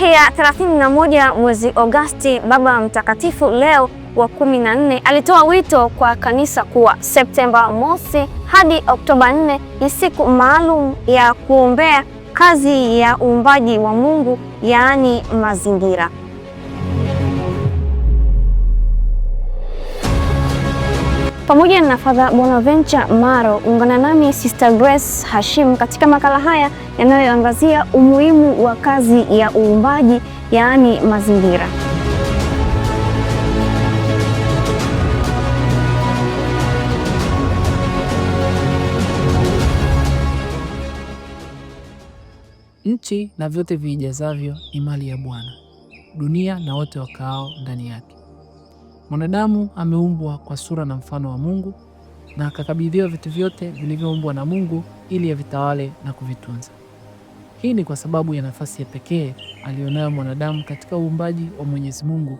Tarehe ya 31 mwezi Agosti, Baba Mtakatifu Leo wa 14 alitoa wito kwa kanisa kuwa Septemba mosi hadi Oktoba 4 ni siku maalum ya kuombea kazi ya uumbaji wa Mungu, yaani mazingira. pamoja na Father Bonaventure Maro. Ungana nami Sister Grace Hashim katika makala haya yanayoangazia umuhimu wa kazi ya uumbaji, yaani mazingira. Nchi na vyote viijazavyo ni mali ya Bwana, dunia na wote wakaao ndani yake. Mwanadamu ameumbwa kwa sura na mfano wa Mungu na akakabidhiwa vitu vyote vilivyoumbwa na Mungu ili avitawale na kuvitunza. Hii ni kwa sababu ya nafasi ya pekee aliyonayo mwanadamu katika uumbaji wa Mwenyezi Mungu,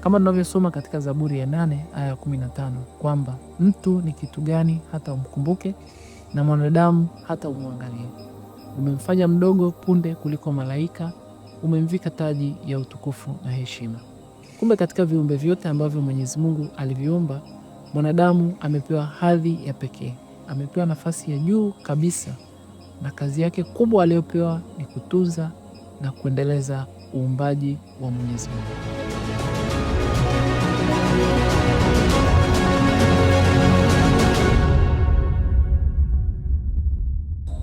kama tunavyosoma katika Zaburi ya nane aya ya 15 kwamba mtu ni kitu gani hata umkumbuke, na mwanadamu hata umwangalie. Umemfanya mdogo punde kuliko malaika, umemvika taji ya utukufu na heshima. Kumbe katika viumbe vyote ambavyo Mwenyezi Mungu aliviumba, mwanadamu amepewa hadhi ya pekee, amepewa nafasi ya juu kabisa, na kazi yake kubwa aliyopewa ni kutunza na kuendeleza uumbaji wa Mwenyezi Mungu.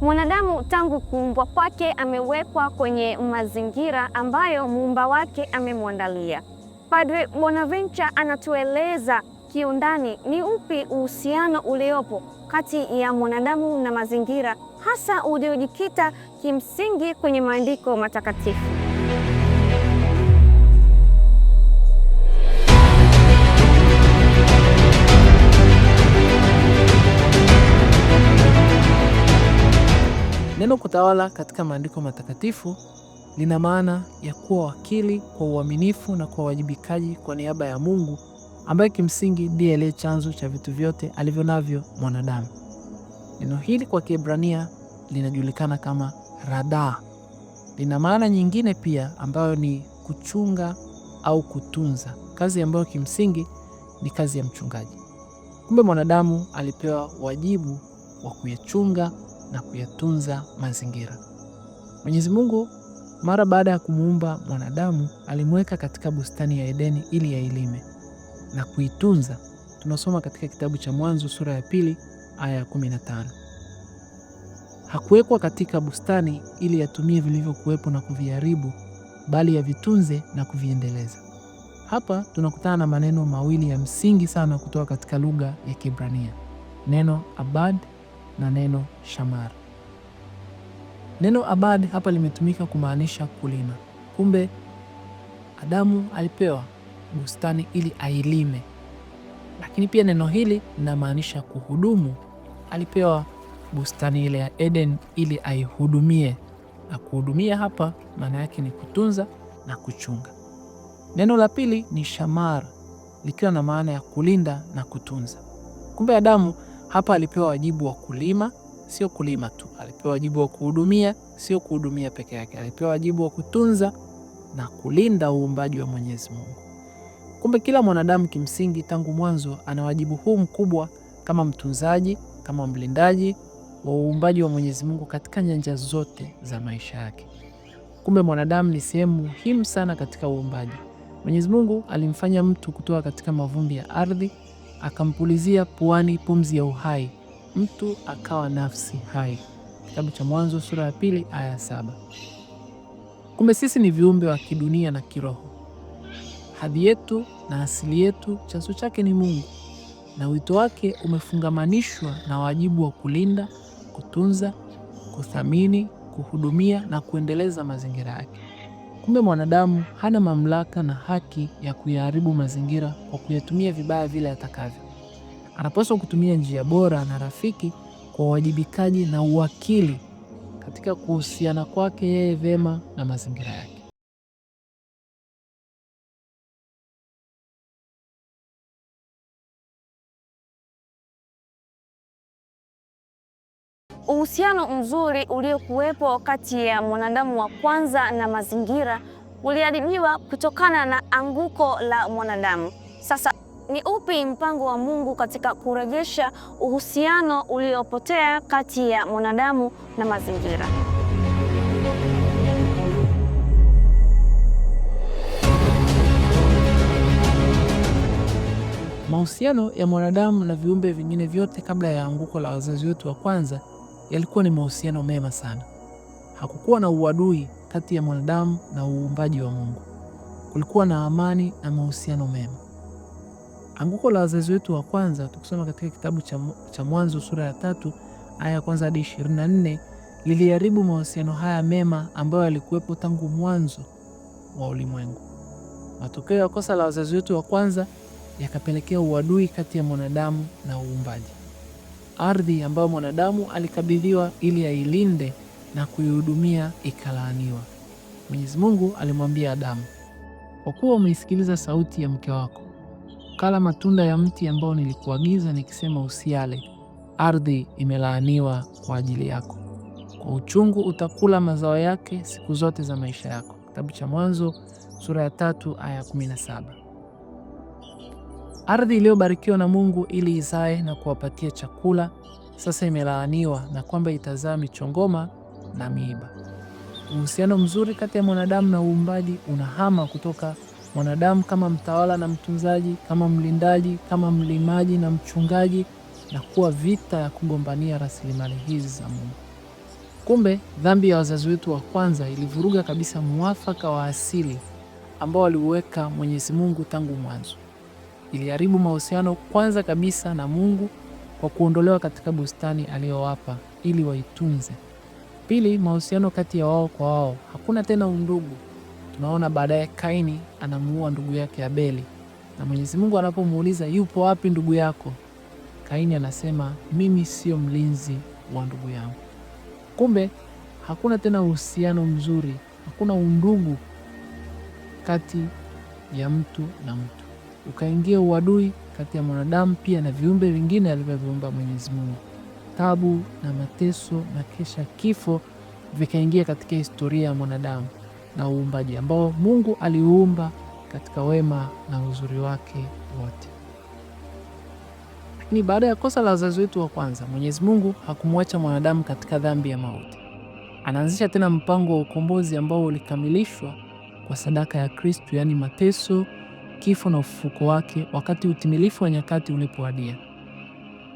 Mwanadamu tangu kuumbwa kwake amewekwa kwenye mazingira ambayo muumba wake amemwandalia. Padre Bonaventure anatueleza kiundani ni upi uhusiano uliopo kati ya mwanadamu na mazingira, hasa uliojikita kimsingi kwenye maandiko matakatifu. Neno kutawala katika maandiko matakatifu lina maana ya kuwa wakili kwa uaminifu na kwa uwajibikaji kwa niaba ya Mungu ambaye kimsingi ndiye aliye chanzo cha vitu vyote alivyo navyo mwanadamu. Neno hili kwa Kiebrania linajulikana kama rada Lina maana nyingine pia ambayo ni kuchunga au kutunza, kazi ambayo kimsingi ni kazi ya mchungaji. Kumbe mwanadamu alipewa wajibu wa kuyachunga na kuyatunza mazingira. Mwenyezi Mungu mara baada ya kumuumba mwanadamu, alimweka katika bustani ya Edeni ili yailime na kuitunza. Tunasoma katika kitabu cha Mwanzo sura ya pili aya ya 15. Hakuwekwa katika bustani ili yatumie vilivyokuwepo na kuviharibu, bali yavitunze na kuviendeleza. Hapa tunakutana na maneno mawili ya msingi sana kutoka katika lugha ya kibrania neno abad na neno shamar. Neno abad hapa limetumika kumaanisha kulima. Kumbe Adamu alipewa bustani ili ailime, lakini pia neno hili linamaanisha kuhudumu. Alipewa bustani ile ya Eden ili aihudumie, na kuhudumia hapa maana yake ni kutunza na kuchunga. Neno la pili ni shamar, likiwa na maana ya kulinda na kutunza. Kumbe Adamu hapa alipewa wajibu wa kulima sio kulima tu, alipewa wajibu wa kuhudumia, sio kuhudumia peke yake, alipewa wajibu wa kutunza na kulinda uumbaji wa Mwenyezi Mungu. Kumbe kila mwanadamu kimsingi, tangu mwanzo, ana wajibu huu mkubwa kama mtunzaji, kama mlindaji wa uumbaji wa Mwenyezi Mungu katika nyanja zote za maisha yake. Kumbe mwanadamu ni sehemu muhimu sana katika uumbaji. Mwenyezi Mungu alimfanya mtu kutoka katika mavumbi ya ardhi, akampulizia puani pumzi ya uhai mtu akawa nafsi hai, kitabu cha Mwanzo sura ya pili aya saba. Kumbe sisi ni viumbe wa kidunia na kiroho. Hadhi yetu na asili yetu chanzo chake ni Mungu, na wito wake umefungamanishwa na wajibu wa kulinda, kutunza, kuthamini, kuhudumia na kuendeleza mazingira yake. Kumbe mwanadamu hana mamlaka na haki ya kuyaharibu mazingira kwa kuyatumia vibaya vile atakavyo anapaswa kutumia njia bora na rafiki kwa uwajibikaji na uwakili katika kuhusiana kwake yeye vyema na mazingira yake. Uhusiano mzuri uliokuwepo kati ya mwanadamu wa kwanza na mazingira uliharibiwa kutokana na anguko la mwanadamu. Sasa ni upi mpango wa Mungu katika kurejesha uhusiano uliopotea kati ya mwanadamu na mazingira? Mahusiano ya mwanadamu na viumbe vingine vyote kabla ya anguko la wazazi wetu wa kwanza yalikuwa ni mahusiano mema sana. Hakukuwa na uadui kati ya mwanadamu na uumbaji wa Mungu. Kulikuwa na amani na mahusiano mema. Anguko la wazazi wetu wa kwanza tukisoma katika kitabu cha, cha Mwanzo sura ya tatu aya ya kwanza hadi 24 liliharibu mahusiano haya mema ambayo yalikuwepo tangu mwanzo wa ulimwengu. Matokeo ya kosa la wazazi wetu wa kwanza yakapelekea uadui kati ya mwanadamu na uumbaji. Ardhi ambayo mwanadamu alikabidhiwa ili ailinde na kuihudumia ikalaaniwa. Mwenyezi Mungu alimwambia Adamu, kwa kuwa umeisikiliza sauti ya mke wako ukala matunda ya mti ambao nilikuagiza nikisema usiale, ardhi imelaaniwa kwa ajili yako, kwa uchungu utakula mazao yake siku zote za maisha yako. Kitabu cha Mwanzo sura ya tatu aya 17. Ardhi iliyobarikiwa na Mungu ili izae na kuwapatia chakula sasa imelaaniwa na kwamba itazaa michongoma na miiba. Uhusiano mzuri kati ya mwanadamu na uumbaji unahama kutoka mwanadamu kama mtawala na mtunzaji, kama mlindaji, kama mlimaji na mchungaji, na kuwa vita ya kugombania rasilimali hizi za Mungu. Kumbe dhambi ya wazazi wetu wa kwanza ilivuruga kabisa muafaka wa asili ambao aliuweka Mwenyezi Mungu tangu mwanzo. Iliharibu mahusiano kwanza kabisa na Mungu kwa kuondolewa katika bustani aliyowapa ili waitunze. Pili, mahusiano kati ya wao kwa wao, hakuna tena undugu tunaona baadaye Kaini anamuua ndugu yake Abeli, na Mwenyezi Mungu anapomuuliza yupo wapi ndugu yako, Kaini anasema mimi sio mlinzi wa ndugu yangu. Kumbe hakuna tena uhusiano mzuri, hakuna undugu kati ya mtu na mtu, ukaingia uadui kati ya mwanadamu pia na viumbe vingine alivyoviumba Mwenyezi Mungu. Tabu na mateso na kisha kifo vikaingia katika historia ya mwanadamu na uumbaji ambao Mungu aliuumba katika wema na uzuri wake wote. Lakini baada ya kosa la wazazi wetu wa kwanza, Mwenyezi Mungu hakumwacha mwanadamu katika dhambi ya mauti. Anaanzisha tena mpango wa ukombozi ambao ulikamilishwa kwa sadaka ya Kristo, yaani mateso, kifo na ufufuko wake wakati utimilifu wa nyakati ulipowadia.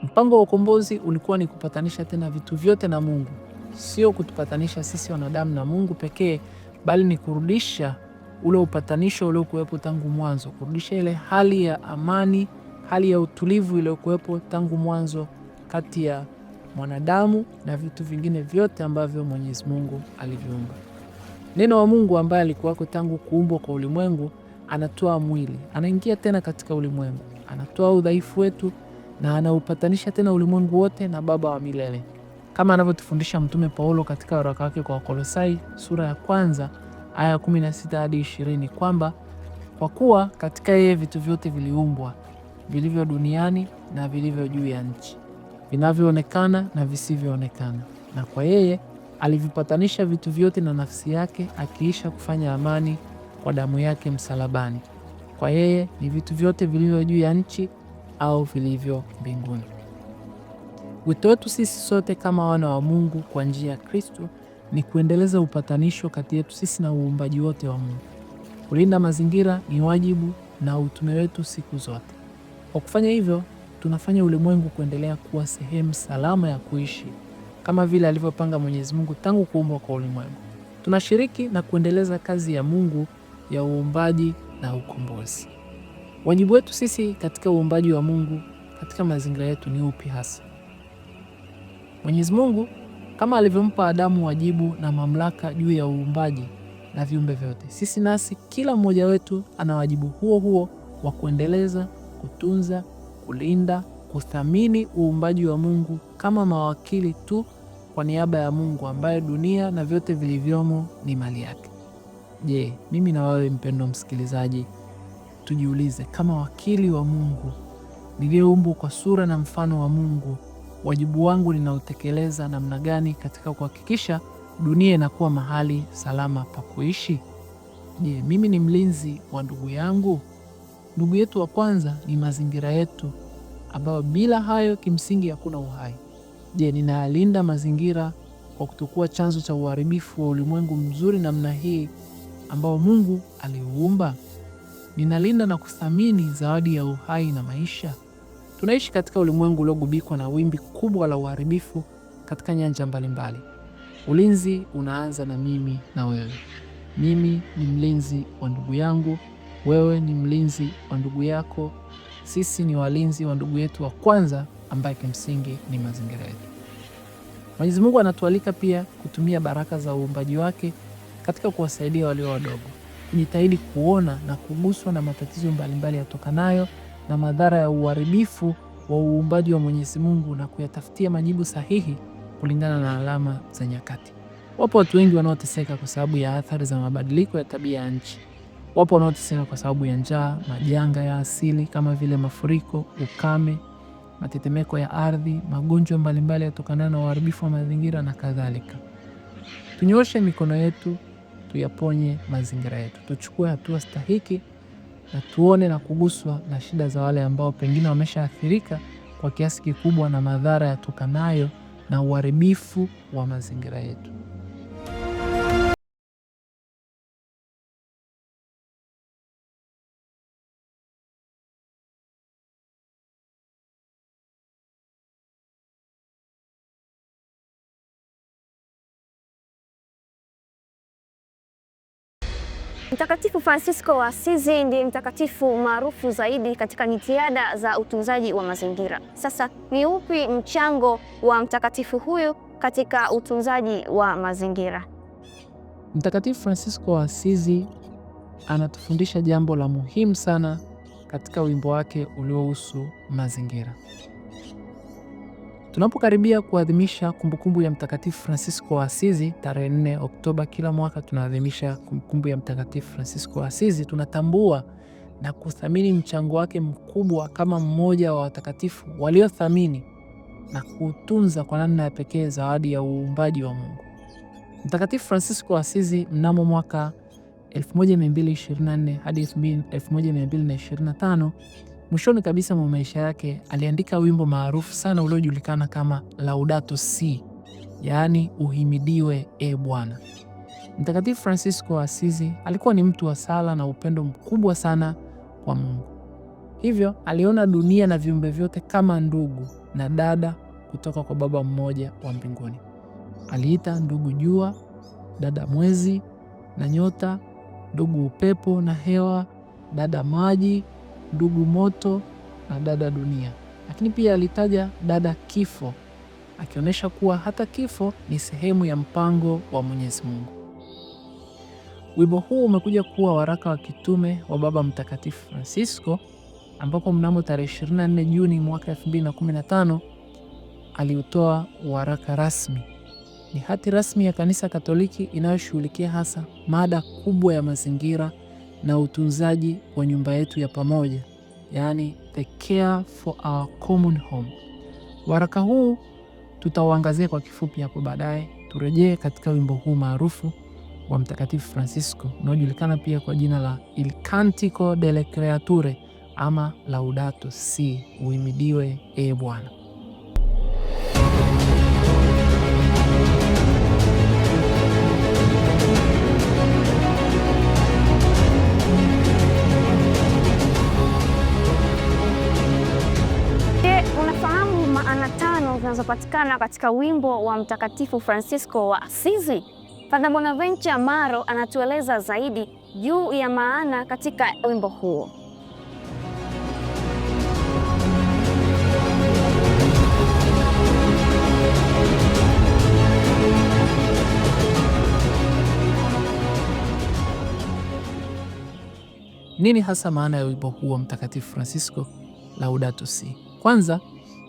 Mpango wa ukombozi ulikuwa ni kupatanisha tena vitu vyote na Mungu, sio kutupatanisha sisi wanadamu na Mungu pekee bali ni kurudisha ule upatanisho uliokuwepo tangu mwanzo, kurudisha ile hali ya amani, hali ya utulivu iliyokuwepo tangu mwanzo kati ya mwanadamu na vitu vingine vyote ambavyo Mwenyezi Mungu aliviumba. Neno wa Mungu ambaye alikuwako tangu kuumbwa kwa ulimwengu anatoa mwili, anaingia tena katika ulimwengu, anatoa udhaifu wetu na anaupatanisha tena ulimwengu wote na Baba wa milele kama anavyotufundisha Mtume Paulo katika waraka wake kwa Wakolosai sura ya kwanza aya 16 hadi 20, kwamba kwa kuwa katika yeye vitu vyote viliumbwa vilivyo duniani na vilivyo juu ya nchi, vinavyoonekana na visivyoonekana, na kwa yeye alivipatanisha vitu vyote na nafsi yake, akiisha kufanya amani kwa damu yake msalabani. Kwa yeye ni vitu vyote vilivyo juu ya nchi au vilivyo mbinguni. Wito wetu sisi sote kama wana wa Mungu kwa njia ya Kristo ni kuendeleza upatanisho kati yetu sisi na uumbaji wote wa Mungu. Kulinda mazingira ni wajibu na utume wetu siku zote. Kwa kufanya hivyo, tunafanya ulimwengu kuendelea kuwa sehemu salama ya kuishi kama vile alivyopanga Mwenyezi Mungu tangu kuumbwa kwa ulimwengu. Tunashiriki na kuendeleza kazi ya Mungu ya uumbaji na ukombozi. Wajibu wetu sisi katika uumbaji wa Mungu katika mazingira yetu ni upi hasa? Mwenyezi Mungu kama alivyompa Adamu wajibu na mamlaka juu ya uumbaji na viumbe vyote, sisi nasi kila mmoja wetu ana wajibu huo huo wa kuendeleza, kutunza, kulinda, kuthamini uumbaji wa Mungu kama mawakili tu kwa niaba ya Mungu ambaye dunia na vyote vilivyomo ni mali yake. Je, mimi na wewe mpendo msikilizaji, tujiulize kama wakili wa Mungu niliyeumbwa kwa sura na mfano wa Mungu wajibu wangu ninaotekeleza namna gani katika kuhakikisha dunia inakuwa mahali salama pa kuishi? Je, mimi ni mlinzi wa ndugu yangu? Ndugu yetu wa kwanza ni mazingira yetu, ambayo bila hayo kimsingi hakuna uhai. Je, ninayalinda mazingira kwa kutokuwa chanzo cha uharibifu wa ulimwengu mzuri namna hii ambao Mungu aliuumba? Ninalinda na kuthamini zawadi ya uhai na maisha? Tunaishi katika ulimwengu uliogubikwa na wimbi kubwa la uharibifu katika nyanja mbalimbali. Ulinzi unaanza na mimi na wewe. Mimi ni mlinzi wa ndugu yangu, wewe ni mlinzi wa ndugu yako. Sisi ni walinzi wa ndugu yetu wa kwanza ambaye kimsingi ni mazingira yetu. Mwenyezi Mungu anatualika pia kutumia baraka za uumbaji wake katika kuwasaidia walio wadogo. Jitahidi kuona na kuguswa na matatizo mbalimbali yatokanayo na madhara ya uharibifu wa uumbaji wa Mwenyezi Mungu na kuyatafutia majibu sahihi kulingana na alama za nyakati. Wapo watu wengi wanaoteseka kwa sababu ya athari za mabadiliko ya tabia ya nchi. Wapo wanaoteseka kwa sababu ya njaa, majanga ya asili kama vile mafuriko, ukame, matetemeko ya ardhi, magonjwa mbalimbali yatokanayo na uharibifu wa mazingira na kadhalika. Tunyoshe mikono yetu, tuyaponye mazingira yetu, tuchukue hatua stahiki na tuone na kuguswa na shida za wale ambao pengine wameshaathirika kwa kiasi kikubwa na madhara yatokanayo na uharibifu wa mazingira yetu. Mtakatifu Fransisko wa Asizi ndiye mtakatifu maarufu zaidi katika jitihada za utunzaji wa mazingira. Sasa ni upi mchango wa mtakatifu huyu katika utunzaji wa mazingira? Mtakatifu Fransisko wa Asizi anatufundisha jambo la muhimu sana katika wimbo wake uliohusu mazingira. Tunapokaribia kuadhimisha kumbukumbu ya Mtakatifu Francisco wa Asizi tarehe 4 Oktoba kila mwaka, tunaadhimisha kumbukumbu ya Mtakatifu Francisco wa Asizi, tunatambua na kuthamini mchango wake mkubwa kama mmoja wa watakatifu waliothamini na kutunza kwa namna ya pekee zawadi ya uumbaji wa Mungu. Mtakatifu Francisco wa Asizi mnamo mwaka 1224 hadi 1225 Mwishoni kabisa mwa maisha yake aliandika wimbo maarufu sana uliojulikana kama Laudato Si, yaani uhimidiwe e Bwana. Mtakatifu francisco wa Asizi alikuwa ni mtu wa sala na upendo mkubwa sana kwa Mungu, hivyo aliona dunia na viumbe vyote kama ndugu na dada kutoka kwa Baba mmoja wa mbinguni. Aliita ndugu jua, dada mwezi na nyota, ndugu upepo na hewa, dada maji ndugu moto na dada dunia. Lakini pia alitaja dada kifo, akionyesha kuwa hata kifo ni sehemu ya mpango wa Mwenyezi Mungu. Wimbo huu umekuja kuwa waraka wa kitume wa Baba Mtakatifu Francisco, ambapo mnamo tarehe 24 Juni mwaka 2015 aliutoa waraka rasmi. Ni hati rasmi ya Kanisa Katoliki inayoshughulikia hasa mada kubwa ya mazingira na utunzaji wa nyumba yetu ya pamoja, yaani the care for our common home. Waraka huu tutauangazia kwa kifupi hapo baadaye. Turejee katika wimbo huu maarufu wa Mtakatifu Francisco unaojulikana pia kwa jina la Il Cantico delle Creature ama Laudato Si, uimidiwe e ee Bwana. inapatikana katika wimbo wa Mtakatifu Francisco wa Asizi. Padre Bonaventure Maro anatueleza zaidi juu ya maana katika wimbo huo. Nini hasa maana ya wimbo huo Mtakatifu Francisco Laudato Si? Kwanza,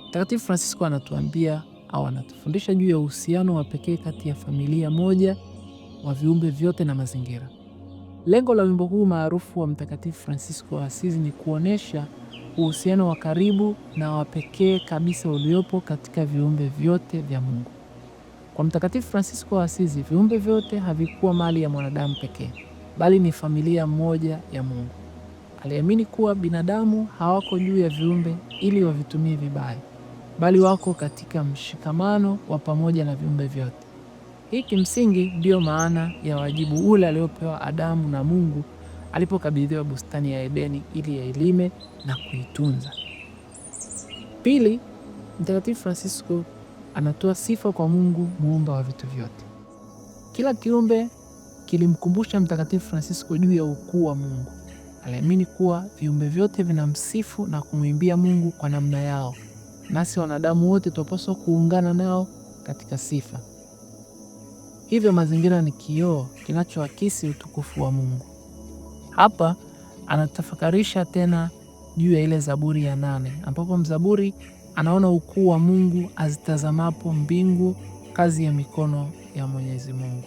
Mtakatifu Francisco anatuambia au anatufundisha juu ya uhusiano wa pekee kati ya familia moja wa viumbe vyote na mazingira. Lengo la wimbo huu maarufu wa Mtakatifu francisco wa Asizi ni kuonesha uhusiano wa karibu na wa pekee kabisa uliopo katika viumbe vyote vya Mungu. Kwa Mtakatifu francisco wa Asizi, viumbe vyote havikuwa mali ya mwanadamu pekee, bali ni familia moja ya Mungu. Aliamini kuwa binadamu hawako juu ya viumbe ili wavitumie vibaya bali wako katika mshikamano wa pamoja na viumbe vyote. Hii kimsingi ndiyo maana ya wajibu ule aliopewa Adamu na Mungu alipokabidhiwa bustani ya Edeni ili yailime na kuitunza. Pili, Mtakatifu Francisco anatoa sifa kwa Mungu muumba wa vitu vyote. Kila kiumbe kilimkumbusha Mtakatifu Francisco juu ya ukuu wa Mungu. Aliamini kuwa viumbe vyote vinamsifu na kumwimbia Mungu kwa namna yao nasi wanadamu wote tunapaswa kuungana nao katika sifa. Hivyo mazingira ni kioo kinachoakisi utukufu wa Mungu. Hapa anatafakarisha tena juu ya ile Zaburi ya nane ambapo mzaburi anaona ukuu wa Mungu azitazamapo mbingu, kazi ya mikono ya Mwenyezi Mungu,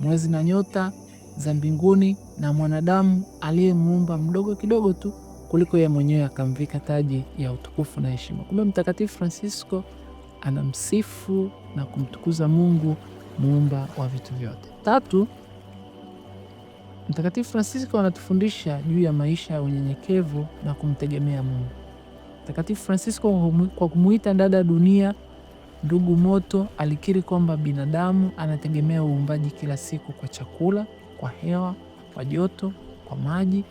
mwezi na nyota za mbinguni, na mwanadamu aliyemuumba mdogo kidogo tu kuliko yeye mwenyewe akamvika taji ya utukufu na heshima. Kumbe Mtakatifu Francisco anamsifu na kumtukuza Mungu muumba wa vitu vyote. Tatu, Mtakatifu Francisco anatufundisha juu ya maisha ya unyenyekevu na kumtegemea Mungu. Mtakatifu Francisco kwa kumuita dada dunia, ndugu moto, alikiri kwamba binadamu anategemea uumbaji kila siku, kwa chakula, kwa hewa, kwa joto, kwa maji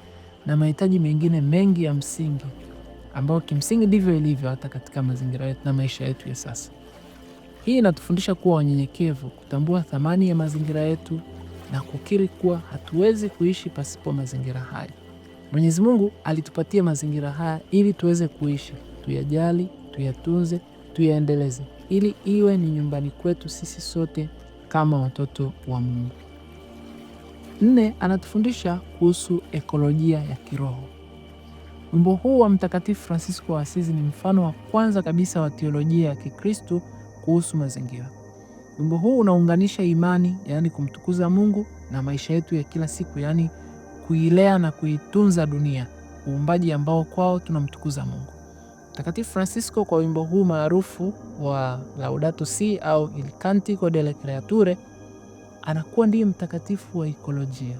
na mahitaji mengine mengi ya msingi ambayo kimsingi ndivyo ilivyo hata katika mazingira yetu na maisha yetu ya sasa. Hii inatufundisha kuwa wanyenyekevu, kutambua thamani ya mazingira yetu na kukiri kuwa hatuwezi kuishi pasipo mazingira haya. Mwenyezi Mungu alitupatia mazingira haya ili tuweze kuishi, tuyajali, tuyatunze, tuyaendeleze, ili iwe ni nyumbani kwetu sisi sote kama watoto wa Mungu. Nne, anatufundisha kuhusu ekolojia ya kiroho. Wimbo huu wa Mtakatifu Fransisko wa Asizi ni mfano wa kwanza kabisa wa teolojia ya Kikristo kuhusu mazingira. Wimbo huu unaunganisha imani, yaani kumtukuza Mungu, na maisha yetu ya kila siku, yaani kuilea na kuitunza dunia, uumbaji ambao kwao tunamtukuza Mungu. Mtakatifu Fransisko kwa wimbo huu maarufu wa Laudato Si au Il Cantico delle Creature anakuwa ndiye mtakatifu wa ekolojia,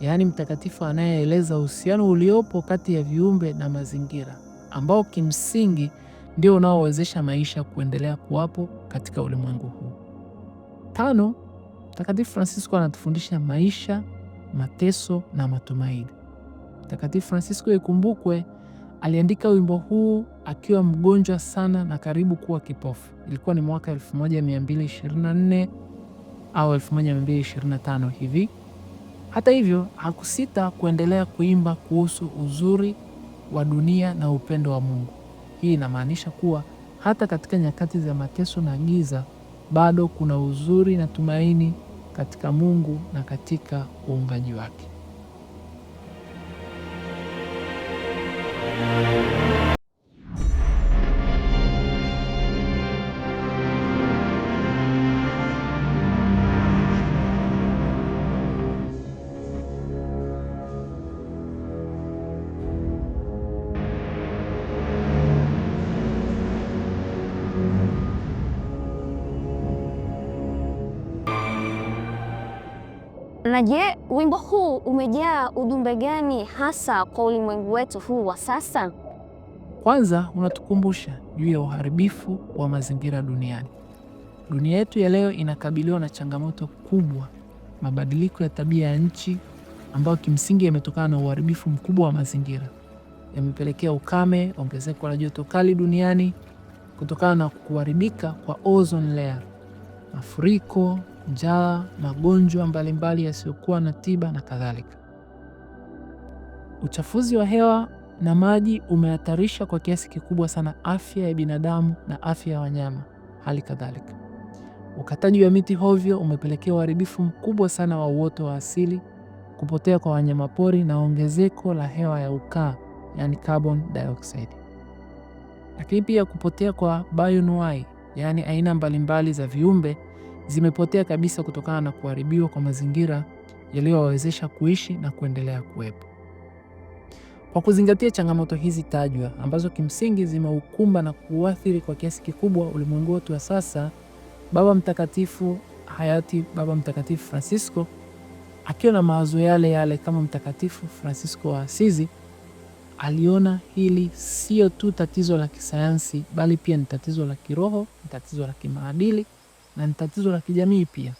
yaani mtakatifu anayeeleza uhusiano uliopo kati ya viumbe na mazingira, ambao kimsingi ndio unaowezesha maisha kuendelea kuwapo katika ulimwengu huu. Tano, Mtakatifu Francisco anatufundisha maisha, mateso na matumaini. Mtakatifu Francisco, ikumbukwe, aliandika wimbo huu akiwa mgonjwa sana na karibu kuwa kipofu. Ilikuwa ni mwaka 1224 au 1225 hivi. Hata hivyo, hakusita kuendelea kuimba kuhusu uzuri wa dunia na upendo wa Mungu. Hii inamaanisha kuwa hata katika nyakati za mateso na giza bado kuna uzuri na tumaini katika Mungu na katika uungaji wake. Na je, wimbo huu umejaa ujumbe gani hasa kwa ulimwengu wetu huu wa sasa? Kwanza unatukumbusha juu ya uharibifu wa mazingira duniani. Dunia yetu ya leo inakabiliwa na changamoto kubwa, mabadiliko ya tabia ya nchi ambayo kimsingi yametokana na uharibifu mkubwa wa mazingira, yamepelekea ukame, ongezeko la joto kali duniani kutokana na kuharibika kwa ozone layer, mafuriko njaa, magonjwa mbalimbali yasiyokuwa na tiba na kadhalika. Uchafuzi wa hewa na maji umehatarisha kwa kiasi kikubwa sana afya ya binadamu na afya ya wanyama. Hali kadhalika, ukataji wa miti hovyo umepelekea uharibifu mkubwa sana wa uoto wa asili, kupotea kwa wanyamapori na ongezeko la hewa ya ukaa, yani carbon dioxide. Lakini pia kupotea kwa bioanuwai, yaani aina mbalimbali za viumbe zimepotea kabisa kutokana na kuharibiwa kwa mazingira yaliyowawezesha kuishi na kuendelea kuwepo. Kwa kuzingatia changamoto hizi tajwa ambazo kimsingi zimeukumba na kuuathiri kwa kiasi kikubwa ulimwengu wetu wa sasa, Baba Mtakatifu hayati Baba Mtakatifu Francisco akiwa na mawazo yale yale kama Mtakatifu Francisco wa Asizi, aliona hili sio tu tatizo la kisayansi, bali pia ni tatizo la kiroho, ni tatizo la kimaadili na ni tatizo la kijamii pia.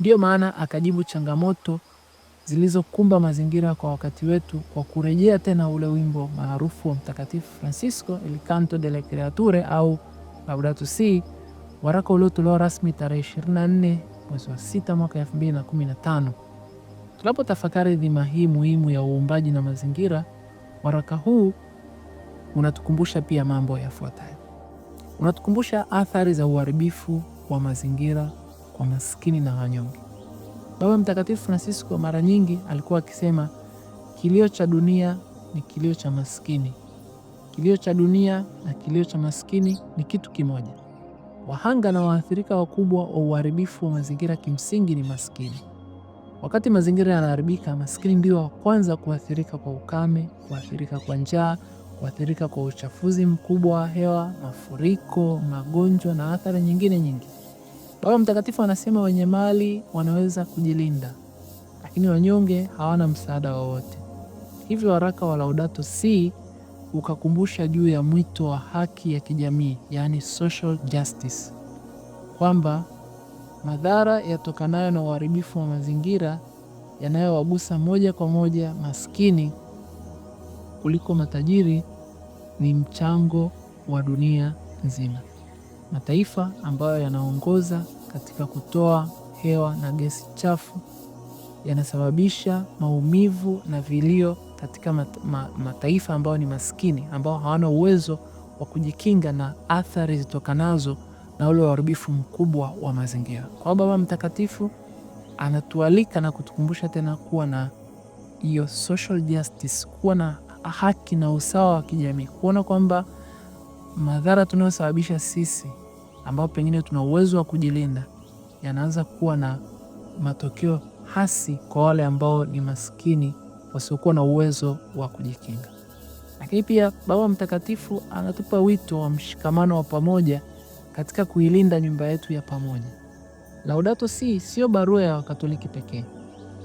Ndiyo maana akajibu changamoto zilizokumba mazingira kwa wakati wetu kwa kurejea tena ule wimbo maarufu wa Mtakatifu Francisco Il Canto delle Creature au Laudato Si, waraka uliotolewa rasmi tarehe 24 mwezi wa 6 mwaka 2015. Tunapotafakari dhima hii muhimu ya uumbaji na mazingira, waraka huu unatukumbusha pia mambo yafuatayo. Unatukumbusha athari za uharibifu wa mazingira kwa maskini na wanyonge. Baba Mtakatifu Francisco mara nyingi alikuwa akisema kilio cha dunia ni kilio cha maskini. Kilio cha dunia na kilio cha maskini ni kitu kimoja. Wahanga na waathirika wakubwa wa uharibifu wa mazingira kimsingi ni maskini. Wakati mazingira yanaharibika, maskini ndio wa kwanza kuathirika kwa ukame, kuathirika kwa njaa, kuathirika kwa uchafuzi mkubwa wa hewa, mafuriko, magonjwa na athari nyingine nyingi. Baba Mtakatifu anasema wenye mali wanaweza kujilinda, lakini wanyonge hawana msaada wowote. Hivyo waraka wa Laudato Si ukakumbusha juu ya mwito wa haki ya kijamii, yaani social justice, kwamba madhara yatokanayo na uharibifu wa mazingira yanayowagusa moja kwa moja maskini kuliko matajiri ni mchango wa dunia nzima. Mataifa ambayo yanaongoza katika kutoa hewa na gesi chafu yanasababisha maumivu na vilio katika mataifa ambayo ni maskini, ambao hawana uwezo wa kujikinga na athari zitokanazo na ule uharibifu mkubwa wa mazingira. Kwa Baba Mtakatifu anatualika na kutukumbusha tena kuwa na hiyo social justice, kuwa na haki na usawa wa kijamii, kuona kwamba madhara tunayosababisha sisi ambao pengine tuna uwezo wa kujilinda yanaanza kuwa na matokeo hasi kwa wale ambao ni maskini wasiokuwa na uwezo wa kujikinga. Lakini pia Baba Mtakatifu anatupa wito wa mshikamano wa pamoja katika kuilinda nyumba yetu ya pamoja. Laudato Si sio barua ya Wakatoliki pekee,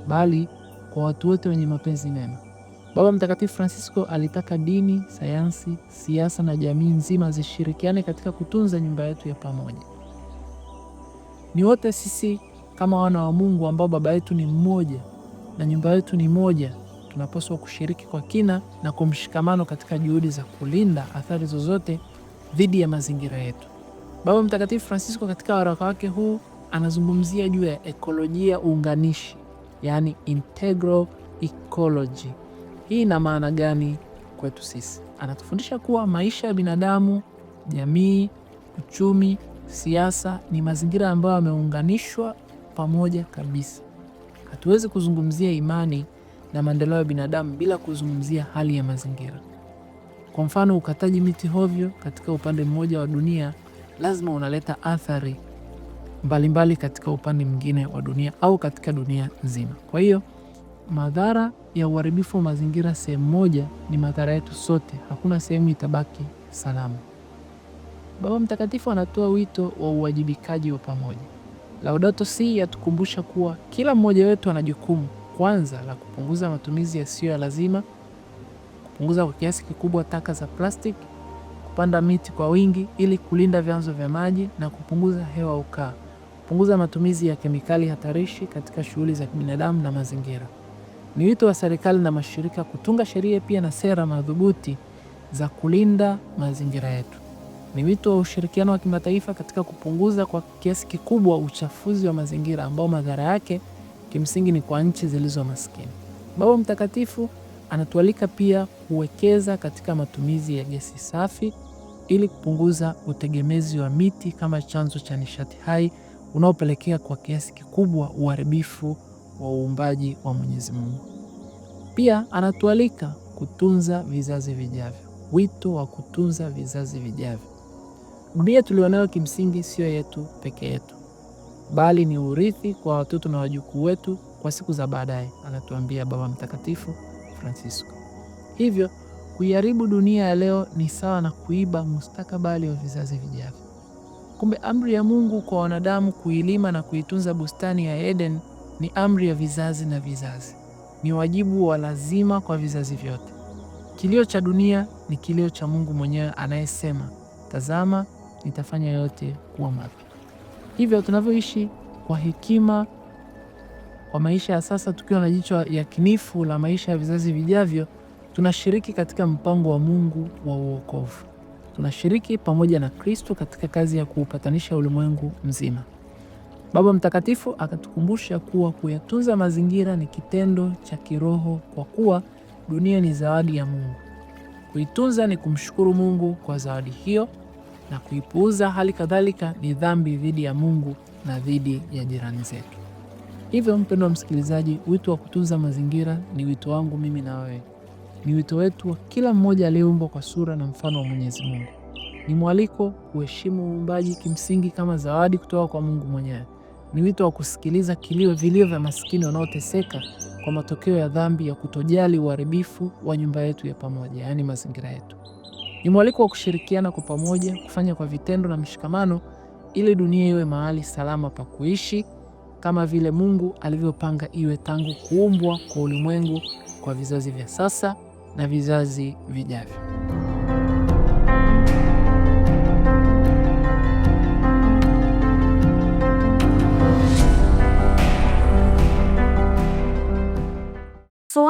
bali kwa watu wote wenye mapenzi mema. Baba Mtakatifu Francisco alitaka dini, sayansi, siasa na jamii nzima zishirikiane katika kutunza nyumba yetu ya pamoja. Ni wote sisi kama wana wa Mungu ambao baba yetu ni mmoja na nyumba yetu ni moja, tunapaswa kushiriki kwa kina na kwa mshikamano katika juhudi za kulinda athari zozote dhidi ya mazingira yetu. Baba Mtakatifu Francisco katika waraka wake huu anazungumzia juu ya ekolojia uunganishi, yaani integral ecology. Hii ina maana gani kwetu sisi? Anatufundisha kuwa maisha ya binadamu, jamii, uchumi, siasa ni mazingira ambayo yameunganishwa pamoja kabisa. Hatuwezi kuzungumzia imani na maendeleo ya binadamu bila kuzungumzia hali ya mazingira. Kwa mfano, ukataji miti hovyo katika upande mmoja wa dunia lazima unaleta athari mbalimbali katika upande mwingine wa dunia au katika dunia nzima. Kwa hiyo madhara ya uharibifu wa mazingira sehemu moja ni madhara yetu sote. Hakuna sehemu itabaki salama. Baba Mtakatifu anatoa wito wa uwajibikaji wa pamoja. Laudato Si yatukumbusha kuwa kila mmoja wetu ana jukumu kwanza la kupunguza matumizi yasiyo ya lazima, kupunguza kwa kiasi kikubwa taka za plastiki, kupanda miti kwa wingi ili kulinda vyanzo vya maji na kupunguza hewa ukaa, kupunguza matumizi ya kemikali hatarishi katika shughuli za kibinadamu na mazingira. Ni wito wa serikali na mashirika kutunga sheria pia na sera madhubuti za kulinda mazingira yetu. Ni wito wa ushirikiano wa kimataifa katika kupunguza kwa kiasi kikubwa uchafuzi wa mazingira ambao madhara yake kimsingi ni kwa nchi zilizo maskini. Baba Mtakatifu anatualika pia kuwekeza katika matumizi ya gesi safi ili kupunguza utegemezi wa miti kama chanzo cha nishati hai unaopelekea kwa kiasi kikubwa uharibifu wa uumbaji wa Mwenyezi Mungu. Pia anatualika kutunza vizazi vijavyo, wito wa kutunza vizazi vijavyo. Dunia tulionayo kimsingi siyo yetu peke yetu, bali ni urithi kwa watoto na wajukuu wetu kwa siku za baadaye, anatuambia Baba Mtakatifu Francisco. Hivyo kuiharibu dunia ya leo ni sawa na kuiba mustakabali wa vizazi vijavyo. Kumbe amri ya Mungu kwa wanadamu kuilima na kuitunza bustani ya Eden ni amri ya vizazi na vizazi, ni wajibu wa lazima kwa vizazi vyote. Kilio cha dunia ni kilio cha Mungu mwenyewe anayesema, tazama, nitafanya yote kuwa mapya. Hivyo tunavyoishi kwa hekima kwa maisha ya sasa, tukiwa na jicho kinifu la maisha ya vizazi vijavyo, tunashiriki katika mpango wa Mungu wa uokovu. Tunashiriki pamoja na Kristo katika kazi ya kuupatanisha ulimwengu mzima. Baba Mtakatifu akatukumbusha kuwa kuyatunza mazingira ni kitendo cha kiroho, kwa kuwa dunia ni zawadi ya Mungu. Kuitunza ni kumshukuru Mungu kwa zawadi hiyo, na kuipuuza hali kadhalika ni dhambi dhidi ya Mungu na dhidi ya jirani zetu. Hivyo mpendo wa msikilizaji, wito wa kutunza mazingira ni wito wangu mimi na wewe, ni wito wetu wa kila mmoja aliyeumbwa kwa sura na mfano wa Mwenyezi Mungu. Ni mwaliko kuheshimu uumbaji kimsingi kama zawadi kutoka kwa Mungu mwenyewe ni wito wa kusikiliza kilio, vilio vya masikini wanaoteseka kwa matokeo ya dhambi ya kutojali uharibifu wa nyumba yetu ya pamoja, yaani mazingira yetu. Ni mwaliko wa kushirikiana kwa pamoja, kufanya kwa vitendo na mshikamano, ili dunia iwe mahali salama pa kuishi kama vile Mungu alivyopanga iwe tangu kuumbwa kwa ulimwengu, kwa vizazi vya sasa na vizazi vijavyo.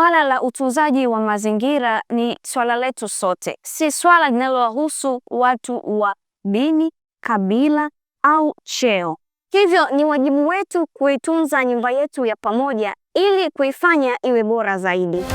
Swala la utunzaji wa mazingira ni swala letu sote, si swala linalowahusu watu wa dini, kabila au cheo. Hivyo ni wajibu wetu kuitunza nyumba yetu ya pamoja ili kuifanya iwe bora zaidi.